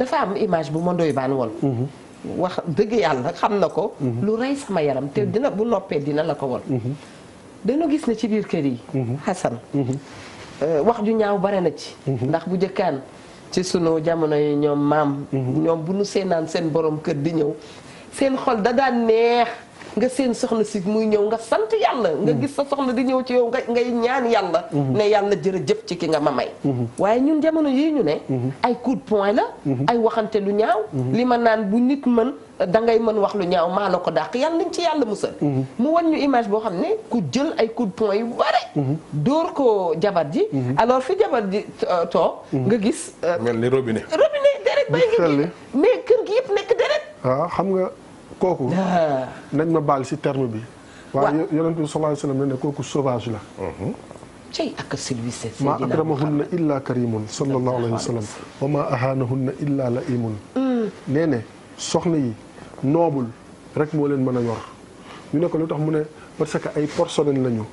dafa am image bu ma ndoy baan woon mhm. wax dëgg yàlla xam na ko mhm. lu rey sama yaram te mhm. dina bu noppee dina la ko woon dañoo gis ne ci biir kër yi Xasan euh, wax ju ñaaw bare na ci ndax bu jëkkaan ci sunu jamono yi ñoom maam ñoom bu nu seenaan seen boroom kër di ñëw seen xol da daan neex nga seen soxna si muy ñëw nga sant yàlla nga gis sa soxna di ñëw ci yow nga ngay ñaan yàlla mhm. ne yàlla jërëjëf ci ki nga ma may mhm. waaye ñun jamono yii ñu ne mhm. ay coup de poing la ay waxante lu ñaaw li ma naan bu nit mën da ngay mën wax lu ñaaw maa la ko dàq yàlla nañ ci yàlla mu musal mu wan ñu image boo xam ne ku jël ay coup de poing yu bare dóor ko jabar ji alors fi jabar ji euh, too nga gis euh, mel ni robinet robinet deret bay ngi mais nekk deret ah, kooku ah. nañ ma baal si terme bi. waaye yonent bi sallallahu alayhi wa sallam ne kooku sauvage la. Mhm. cey ak service. ma akramahunna illa karimun sallallahu alayhi wa sallam wa ma ahanahunna illa laimun. Mm. nee ne soxna yi noobul rek moo leen mën a yor ñu ne ko lu tax mu ne parce que ay porcelaine lañu.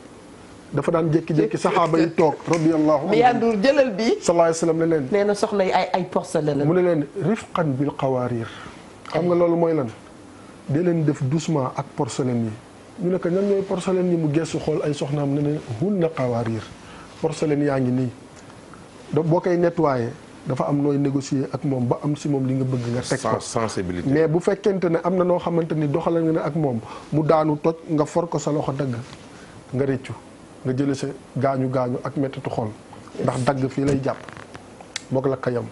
dafa daan jékki-jékki saxaaba yi toog radiyallahu anhu yandur jëlal bi sallallahu ne leen nee na yi ay ay porcelaine la mu ne leen rifqan bi qawarir xam nga loolu mooy lan dee leen def doucement ak porcelaine yi mu ne ko ñan ñooy porcelaine yi mu gestu xool ay soxnaam ne ne hun na xawaariir porcelaine yaa ngi nii da boo koy nettoyé dafa am nooy négocier ak moom ba am si moom li nga bëgg nga teg ko sensibilité mais bu fekkente ne am na noo xamante ni doxala nga ne ak moom mu daanu toj nga for ko sa loxo dagg nga rëccu nga jële sa gaañu gaañu ak mettitu xol ndax dagg fii lay jàpp mook la kayam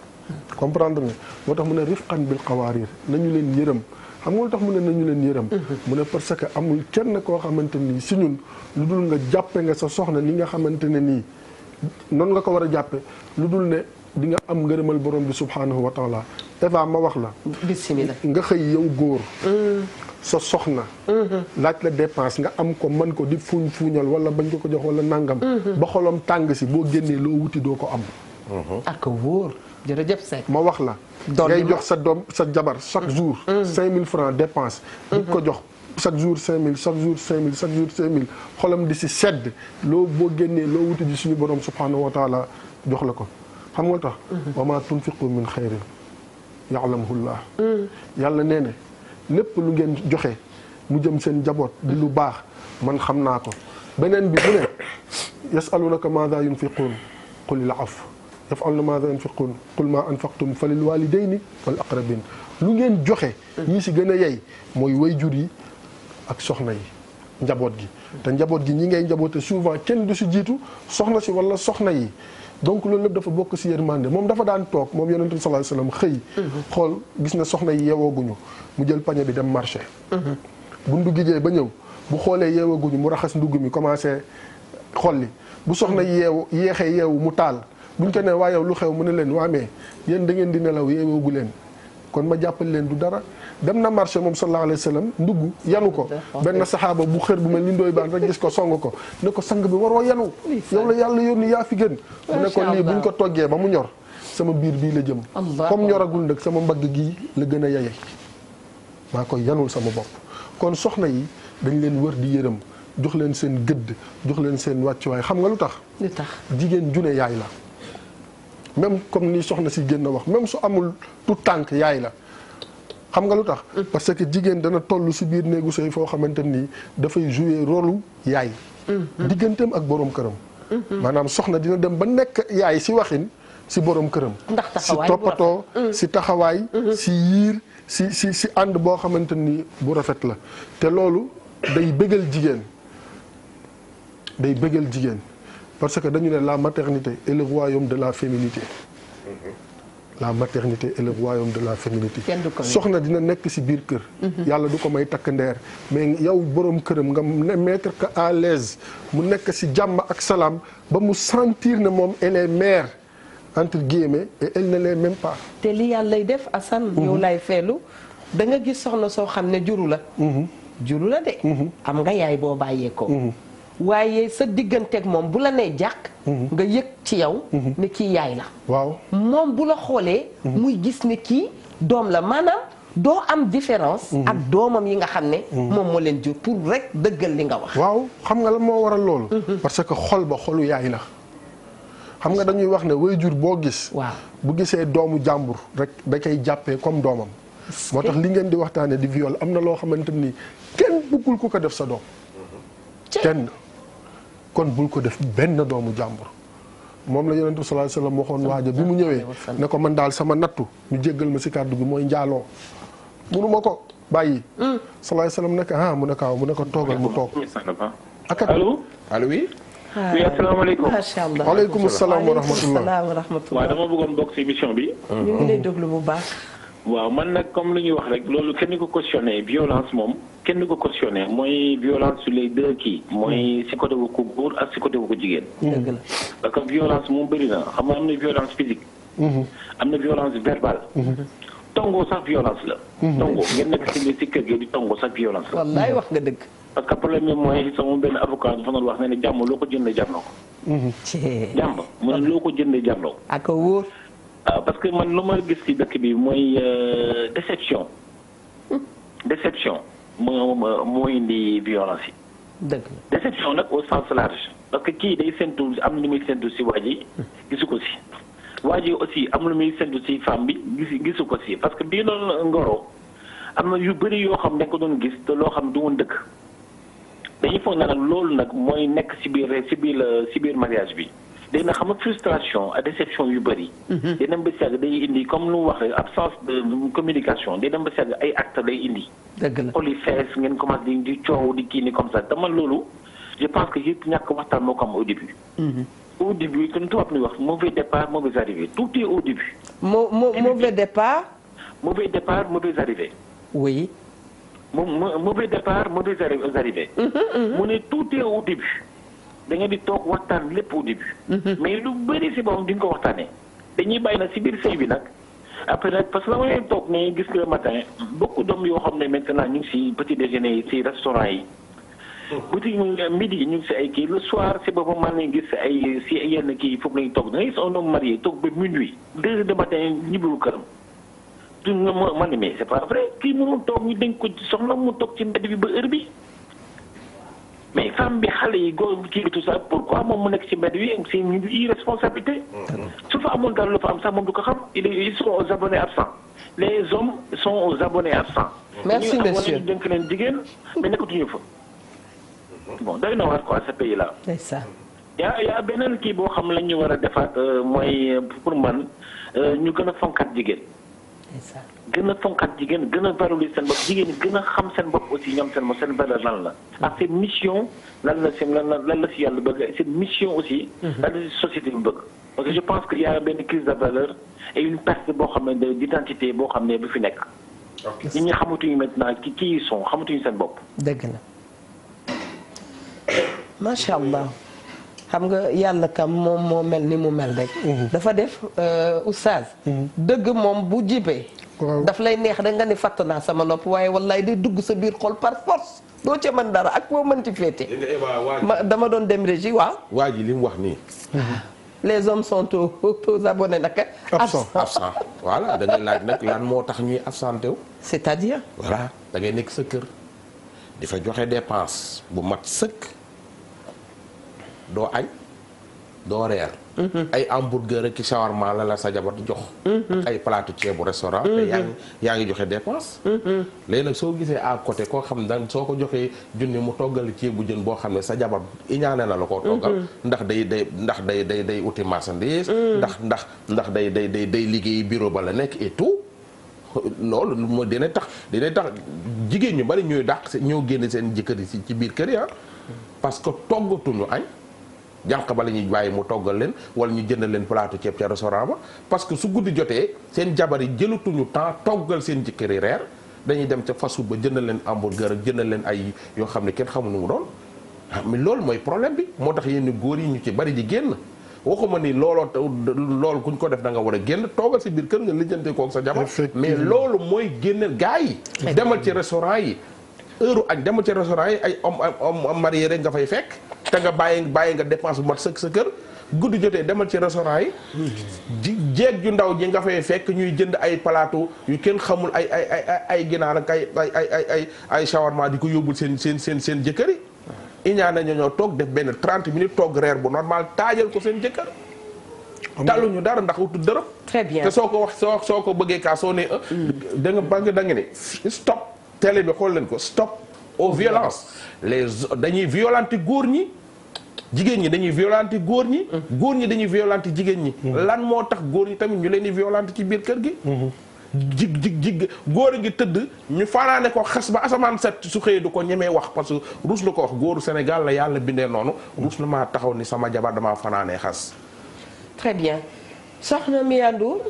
comprendre ne moo tax mu ne rifqan bil xawaarir nañu leen yërëm xam nga lu tax na ne nañu leen yërëm mm-hmm. mu ne parce que amul kenn koo xamante nii si ñun lu dul nga jàppe nga sa soxna ni nga xamante ne nii noonu nga ko war a jàppe lu dul ne di nga am ngërëmal borom bi subhaanahu wa taala Eva ma wax la bismillah nga xëy yow góor mm. sa soxna mm-hmm. laaj la dépense nga am ko mën ko di fuuñ fuuñal wala bañ ko ko jox wala nangam mm-hmm. ba xolom tàng si boo génnee loo wuti doo ko am ak wóor jërëjëf Seck ma wax la. ngay jox sa doom sa jabar chaque mm-hmm. jour. 5000 mm-hmm. francs dépense. bu ko jox chaque jour 5000 chaque jour 5000 chaque jour 5000 xolam di si sedd loo boo génnee loo wuti ji suñu borom subhanahu wa taala jox la ko xam nga tax. Mm-hmm. wa maa tunfiqu min xayrin ya'lamuhullah yàlla nee na lépp lu ngeen joxe mu jëm seen jaboot di lu baax man xam naa ko beneen bi bu ne yasalunaka maada yunfiquun qulil af yaf'alna ma yunfiqun qul ma anfaqtum falil walidayni wal aqrabin lu ngeen joxe ñi si gën a yey mooy jur yi ak soxna yi njaboot gi te njaboot gi ñi ngay njaboote souvent kenn du si jiitu soxna si wala soxna yi donc loolu lépp dafa bokk si yërmande moom dafa daan toog moom yonent bi sallallahu alayhi wasallam xëy mhm. xool gis na soxna yi yeewooguñu mu jël pañe bi dem marché mhm. bu nduggijee ba ñëw bu xoolee yeewooguñu mu raxas ndugg mi commencé xolli bu soxna yi yeewu yeexee mu taal bu buñ ko nee waa lu xew mu ne leen waa mais yéen da ngeen di nelaw yeewoogu leen kon ma jàppal leen du dara dem na marché moom sallallahu alayhi wa sallam ndugg yanu ko benn saxaaba xër bu mel ni ndooy baan rek gis ko song ko ne ko sang bi waroo yanu yow la yàlla yónni yaa fi gën mu ne buñ ko toggee ba mu ñor sama biir bii la jëm comme ñoragul nag sama mbagg gii la gën a yaye maa koy yanul sama bopp kon soxna yi dañ leen wër di yërëm jox leen seen gëdd jox leen seen waaye xam nga lu tax jigéen june yaay la même comme ni soxna si génn wax même su amul tout tànk yaay la xam nga lu tax. Mm. parce que jigéen dana toll si biir néegu sëy foo xamante nii dafay jouer rôle yaay. Mm-hmm. digganteem ak boroom këram. Mm-hmm. maanaam soxna dina dem ba nekk yaay si waxin si boroom këram. ndax taxawaay si toppatoo si taxawaay. Mm. Mm-hmm. si yiir si si si ànd boo xamante nii bu rafet la te loolu day bëggal jigéen day bëggal jigéen. parce que dañu ne la maternité est le royaume de la féminité. Mm-hmm. la maternité est la royaume de la féminité. soxna dina nekk ci biir kër. Mm-hmm. yàlla du ko may takk ndeer mais yow boroom këram nga ne mettre ko à l'aise mu nekk ci jàmm ak salaam ba mu sentir na moom elle est mère entre guillemets et elle ne l'est même pas. te li yàlla lay def Assane. Mm-hmm. yow lay feelu da nga gis soxna soo xam ne juru la. juru la de. am nga yaay boo bàyyeekoo. waaye sa digganteeg moom bu la nee jàkk mhm. nga yëg ci yow mhm. ne kii yaay la waaw moom bu la xoolee mhm. muy gis ne kii doom la maanaam doo am différence ak doomam yi nga xam ne moom moo leen jur pour rek dëggal li nga waaw xam nga la moo waral loolu parce que xol ba xolu yaay la xam nga dañuy wax ne waajur boo gis waaw bu gisee doomu jàmbur rek da koy jàppee comme doomam moo tax li ngeen di waxtaane di viol am na loo xamante ni kenn bëggul ku ko def sa doom kenn kon bul ko def benn doomu jàmbur moom la yonent bi sallallahu alayhi wasallam waxoon waaja bi mu ñëwee ne ko man daal sama nattu ñu jéggal ma si kàddu gi mooy njaaloo munuma ko bàyyi mm. sallallahu alayhi wasallam ne ko ah, mu ne kaaw mu ne ko toogal mu toog ak ak allo allo oui oui asalaamaaleykum macha allah waaleykum salaam wa rahmatullah wa rahmatullah waaw dama bëggoon bokk ci émission bi mm-hmm. ñu ngi lay déglu bu baax waaw man nag comme lu ñuy wax rek loolu kenn kenn du ko cautionné mooy violence sur les deux kii. mooy mm. si côté wu ko góor ak si côté wu ko jigéen. Mm. parce na am na violence mm-hmm. am na violence verbale. Mm-hmm. tongo sax violence la. Mm-hmm. tongo ngeen nekk si si kër gi di tongo sax violence la. wallaay wax nga parce que problème bi mooy sama benn avocat dafa doon wax ne jàmm loo ko jëndee jàmm na ko. jàmm mu ne ah, ah, parce que man lu ma gis dëkk bi mooy euh, déception. déception. moo moo indi violence yi. dëgg déception nag au sens large. parce que kii day séntu am lu muy séntu si waa ji gisu ko si. waa yi aussi am lu muy séntu si femme bi gis gisu ko si parce que bii loolu ngoro am na yu bëri yoo xam dañ ko doon gis te loo xam du woon dëkk. dañuy foog na nag loolu nag mooy nekk si biir si biir si biir mariage bi. léegi na xam nga frustration ak déception yu bëri. Mhm. day dem ba sàgg day indi comme lu wax absence de communication day dem ba sàgg ay actes day indi. dëgg la xool yi ngeen commencé di di coow di kii ni comme ça dama loolu je pense que yëpp ñàkk waxtaan moo ko am au début. Mhm. au début comme tubaab ni wax mauvais départ mauvais arrivé tout est au début. mo mo mauvais départ. mauvais départ mauvais arrivé. oui. moom départ mauvais arrivé. Mhm, mu ne tout est au début. da ngeen di toog waxtaan lépp di début. Mhm. mais lu bëri si moom duñ ko waxtaanee. dañuy bàyyi nag si biir sëy bi nag après nag parce que dama leen gis nga matin mhm. beaucoup d'hommes yoo xam ne maintenant ñu ngi si petit déjeuner yi si restaurant yi. boutique mhm. midi ñu ngi si ay kii le soir si boobu mën nañu gis ay si yenn kii foofu lañu toog da ngay gis un homme marié toog ba minuit deux heures de matin ñibbiwul këram. du ma man ne mais c'est pas vrai kii mënul toog ñu dénk ko soxla mu toog ci bi ba heure bi. mais femme bi xale yi góor kii bi tout ça pourquoi moom mu nekk ci mbedd wi c'est une irresponsabilité. Mm-hmm. su fa amoon dara lu fa am sax moom du ko xam ils sont aux abonnés absents les hommes sont aux abonnés absents. merci monsieur ñu dénk leen jigéen mais nekkatuñu fa. Mm-hmm. bon doy na waar quoi ce pays là. c'est ça. beneen kii boo xam lañ ñu war a defaat euh, mooy euh, pour man euh, ñu gën a fonkat jigéen. gën a fonkat jigéen gën a valoriser seen bopp jigéen ñi gën a xam seen bopp aussi ñoom seen bopp seen valeur lan la mm. ak seen mission lan la si lan la lan la si yàlla bëgg seen mission aussi mm-hmm. lan la si société bëgg parce que je y a benn crise de valeur et une perte boo xam ne d'identité boo xam ne bu fi nekk nit ñi xamatuñu maintenant ki kii sont xamatuñu seen bopp dëgg la macha allah xam nga yàlla kam moom moo mel ni mu mel rek. Mhm. dafa def euh, oustaz. Mhm. dëgg moom bu jibee daf lay neex rek nga ni fàtt naa sama nopp waaye wallaay de dugg sa biir xol par force doo ca man dara ak boo mënti féete. dama doon dem régi waa waa ji li mu wax nii. Mhm. les hommes sont aux abonnés nag. absent absent voilà da ngay laaj nag lan moo tax ñuy absenté wu. c'est-à-dire. voilà da nekk sa kër. di fa joxe dépense bu mat sëkk. doo añ doo reer mm-hmm. ay hamburger ak shawarma la la sa jabar di jox mm-hmm. ay palaatu ceebu restaurant mm-hmm. yaa ngi joxe dépense léegi nag soo gisee à côté koo xam ne daan soo ko joxee junni mu toggal ci bu jën boo xam ne sa jabar iñaane na la koo toggal ndax day day ndax day day day uti marchandise mm. ndax ndax ndax day day day day liggéey bureau ba la nekk et tout loolu moo dina tax dina tax jigéen ñu bari ñuy dàq ñoo génn seen jëkkër yi ci biir kër ya ah. mm. parce que toggatuñu añ jànq ba la ñuy bàyyi mu toggal leen wala ñu jënd leen plateau ceeb ca restaurant ba parce que su guddi jotee seen jabar yi jëlatuñu temps toggal seen jëkkër yi reer dañuy dem ca fast ba jënd leen hamburger ak jëndal leen ay yoo xam ne kenn xamu nu mu doon ah, mais loolu mooy problème bi moo tax yenn góor yi ñu ci bari di génn waxuma ni looloo loolu kuñ ko def da nga war a génn toogal si biir kër nga lijjante kook sa jabar mais loolu mooy génneel gaa yi demal ci restaurant yi heure añ demal ci restaurant yi ay homme homme marié rek nga fay fekk te nga bàyyi bàyyi nga dépense bu mat sa kër guddi jotee demal ci restaurant yi. ji jéeg ju ndaw ji nga fay fekk ñuy jënd ay plateau yu kenn xamul ay ay ay ay ginaar ak ay ay ay ay ay shawarma di ko yóbbul seen seen seen seen jëkkër yi. iñaa na ñoo toog def benn 30 minutes toog reer bu normal taajal ko seen jëkkër. ñu dara ndax utu dërëm. très bien te soo ko wax soo soo ko bëggee kaa soo ne. Euh, mm. da nga bëgg da nga ne stop télé bi xool leen ko stop. aux violences les dañuy violenter góor ñi jigéen ñi dañuy violenter góor ñi góor ñi dañuy violenter jigéen ñi mm-hmm. lan moo tax góor ñi tamit ñu leen di violenter ci biir kër gi mm-hmm. jig jig jig góor a ngi tëdd ñu fanaane ko xas ba asamaan set su xëyee du ko ñemee wax parce que ruus na ko wax góoru Sénégal la yàlla bindee noonu mm-hmm. ruus na maa taxaw ni sama jabar damaa fanaanee xas très bien soxna Miandou